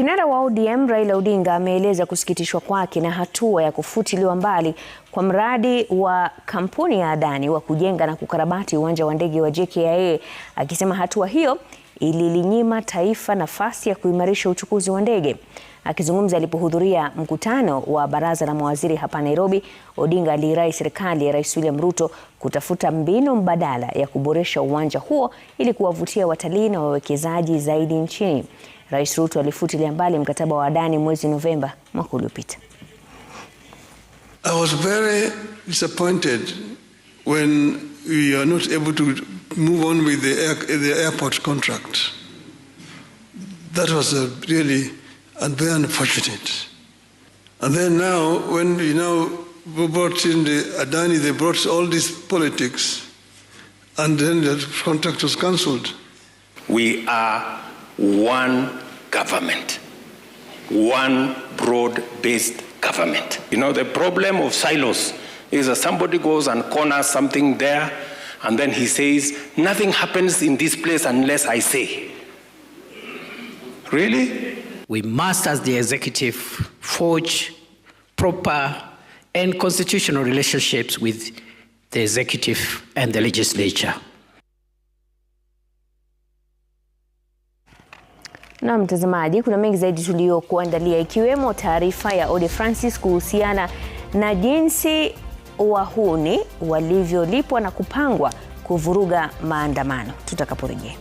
Kinara wa ODM Raila Odinga ameeleza kusikitishwa kwake na hatua ya kufutiliwa mbali kwa mradi wa kampuni ya Adani wa kujenga na kukarabati uwanja wa ndege wa JKIA akisema hatua hiyo ililinyima taifa nafasi ya kuimarisha uchukuzi wa ndege. Akizungumza alipohudhuria mkutano wa baraza la mawaziri hapa Nairobi, Odinga aliirai serikali ya Rais William Ruto kutafuta mbinu mbadala ya kuboresha uwanja huo ili kuwavutia watalii na wawekezaji zaidi nchini. Rais Ruto alifutilia mbali mkataba wa Adani mwezi Novemba mwaka uliopita. I was very disappointed when we are not able to move on with the, air, the airport contract. That was a really very unfortunate. And then now, when we now brought in the Adani, they brought all this politics, and then the contract was cancelled. We are one government, one broad based government. You know, the problem of silos is that somebody goes and corners something there, and then he says, Nothing happens in this place unless I say. Really? We must, as the executive, forge proper and constitutional relationships with the executive and the legislature. Na mtazamaji, kuna mengi zaidi tuliyokuandalia ikiwemo taarifa ya Ode Francis kuhusiana na jinsi wahuni walivyolipwa na kupangwa kuvuruga maandamano tutakaporejea.